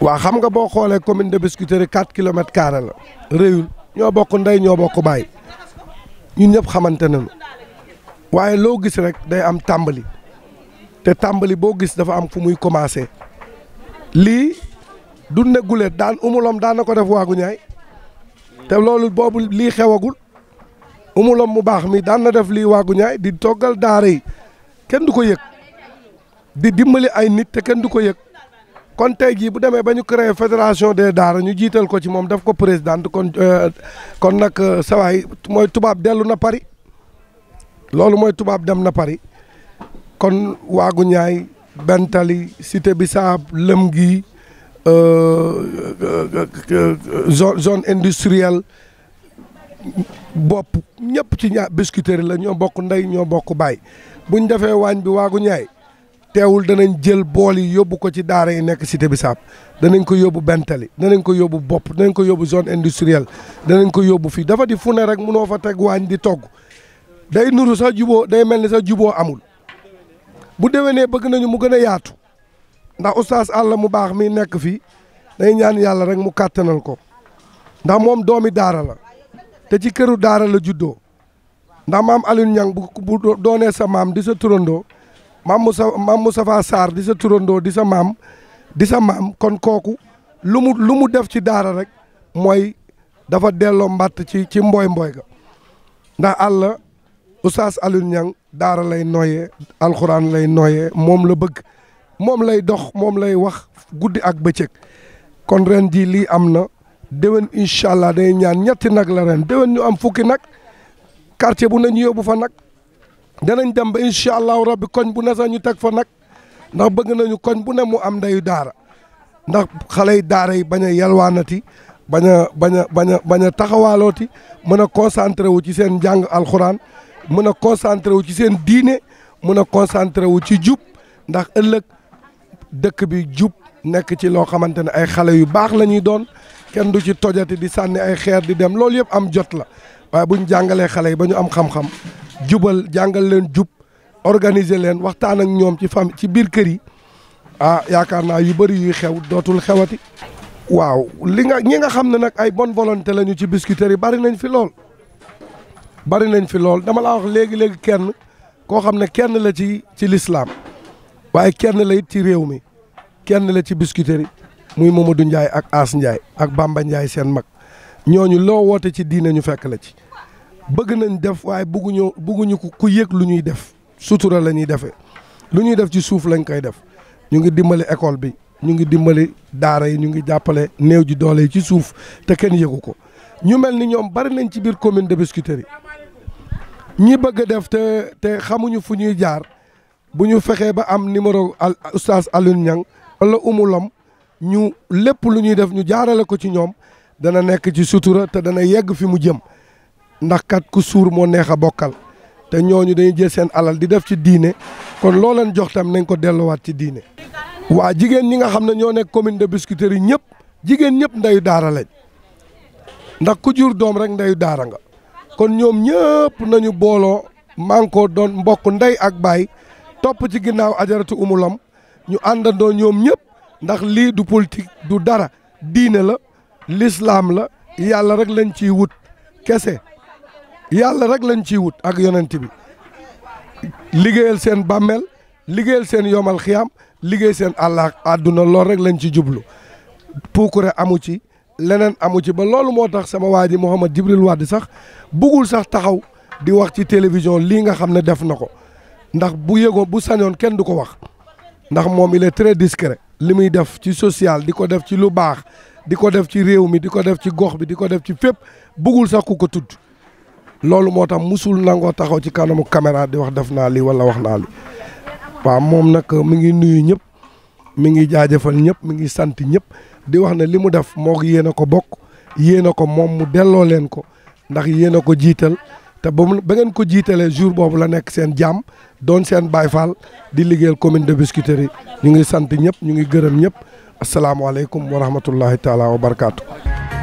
waa xam nga boo xoolee commune de Biscuiterie 4 kilomètres carré la réyul ñoo bokk ndey ñoo bokk baay ñu ñëpp xamante nañu waaye loo gis rek day am tàmbali te tàmbali boo gis dafa am fu muy commencé lii du ne guleet daan umulom daan na ko def waagu ñaay te loolu boobu lii xewagul umulom mu baax mi daan na def lii waagu di toggal daara yi kenn du ko yëg di dimbali ay nit te kenn du ko yëg kon tey jii bu demee ba ñu créé fédération des daara ñu jiital ko ci moom daf ko présidente kon euh, kon nag euh, sawaay mooy tubaab dellu na pari loolu mooy tubaab dem na pari kon waagu ñaay bentali cité bi saab lëm gi euh, zone zone industrielle bopp ñëpp ci ñaa biscuiterie la ñoo bokk ndey ñoo bokk baay buñ defee waañ bi waagu ñaay teewul danañ jël bool yi yóbbu ko ci daara yi nekk cité bisaab danañ ko yóbbu bentali danañ ko yóbbu bopp danañ ko yóbbu zone industrielle danañ ko yóbbu fii dafa di fu rek munoo fa teg waañ di togg day nuru sax juboo day mel ni sax juboo amul bu déwénee bëgg nañu mu gën a yaatu ndax oustaz àlla mu baax mi nekk fii day ñaan yàlla rek mu kàttanal ko ndax moom doomi daara la te ci këru daara la juddoo ndax maam ali Niang bu bu doonee sa maam di sa turandoo maam sa maam Moustapha Sarr di sa turandoo di sa maam di sa maam kon kooku lu mu lu mu def ci daara rek mooy dafa delloo mbàtt ci ci mbooy mbooy ga ndax àll oustaz Alioune Niang daara lay nooyee alxuraan lay nooyee moom la bëgg moom lay dox moom lay wax guddi ak bëccëg kon ren jii lii am na déwén incha allah day ñaan ñetti nag la ren déwén ñu am fukki nag quartier bu nañu yóbbu fa nag danañ dem ba incha allahu rabbi koñ bu ne sax ñu teg fa nag ndax bëgg nañu koñ bu ne mu am ndeyu daara ndax xale yi daara yi bañ a yalwaanati bañ a bañ a bañ a bañ a taxawaalooti mën a concentré wu ci seen njàng alxuraan mën a concentré wu ci seen diine mën a concentré wu ci jub ndax ëllëg dëkk bi jub nekk ci loo xamante ne ay xale yu baax la ñuy doon kenn du ci tojati di sànni ay xeer di dem loolu yëpp am jot la waaye bu ñu jàngalee xale yi ba ñu am xam-xam jubal jàngal leen jub organiser leen waxtaan ak ñoom ci fam ci biir kër yi ah yaakaar naa yu bëri xew dootul xew ati waaw li nga ñi nga xam ne nag ay bonne volonté lañu ci biscuiterie yi bari nañ fi lool bari nañ fi lool dama laa wax léegi léegi kenn koo xam ne kenn la ci ci lislaam waaye kenn la it ci réew mi kenn la ci biscuiterie yi muy Mamadou Ndiaye ak As Ndiaye ak Bamba Ndiaye seen mag. ñooñu loo woote ci diine ñu fekk la ci bëgg nañ def waaye bugguñu bëgguñu ku yëg lu ñuy def sutura la ñuy defee lu ñuy def ci suuf lañ koy def ñu ngi dimbali école bi ñu ngi dimbali daara yi ñu ngi jàppale néew ji doole yi ci suuf te kenn yëgu ko ñu mel ni ñoom bari nañ ci biir commune de Biscuiterie yi ñi bëgg def te te xamuñu fu ñuy jaar bu ñu fexee ba am numéro al oustaz ñaŋ Niang wala Umu Lom ñu lépp lu ñuy def ñu jaarale ko ci ñoom. dana nekk ci sutura te dana yegg fi mu jëm ndax kat ku suur moo neex a bokkal te ñooñu dañuy jël seen alal di def ci diine kon loo leen jox tam nañ ko delluwaat ci diine. waa jigéen ñi nga xam ne ñoo nekk commune de Biscuiterie ñëpp jigéen ñëpp ndeyu daara lañ ndax ku jur doom rek ndeyu daara nga kon ñoom ñëpp nañu booloo mànkoo doon mbokk ndey ak baay topp ci ginnaaw ajaratu umulam ñu àndandoo ñoom ñëpp ndax lii du politique du dara diine la. lislaam la yàlla rek lañ ciy wut kese yàlla rek lañ ciy wut ak yonent bi liggéeyal seen bàmmeel liggéeyal seen yomal xiyaam liggéey seen àlla àdduna lool rek lañ ci jublu puukure amu ci leneen amu ci ba loolu moo tax sama waa ji Mouhamed Djibril Wade sax bëggul sax taxaw di wax ci télévision lii nga xam ne def na ko ndax bu yëgoon bu sañoon kenn du ko wax ndax moom il est très discret li muy def ci social di ko def ci lu baax di ko def ci réew mi di ko def ci gox bi di ko def ci fépp bëggul sax ku ko tudd loolu moo tax musul nangoo taxaw ci kanamu caméra di wax def naa lii wala wax naa li waaw moom nag mi ngi nuyu ñëpp mi ngi jaajëfal ñëpp mi ngi sant ñëpp di wax ne li mu def moo yéen a ko bokk yéen a ko moom mu delloo leen ko ndax yéen a ko jiital te ba mu ba ngeen ko jiitalee jour boobu la nekk seen jàmm doon seen baay Fall di liggéeyal commune de Biscuiterie ñu ngi sant ñëpp ñu ngi gërëm ñëpp asalaamaaleykum wa rahmatullahi taala wa barakaatu.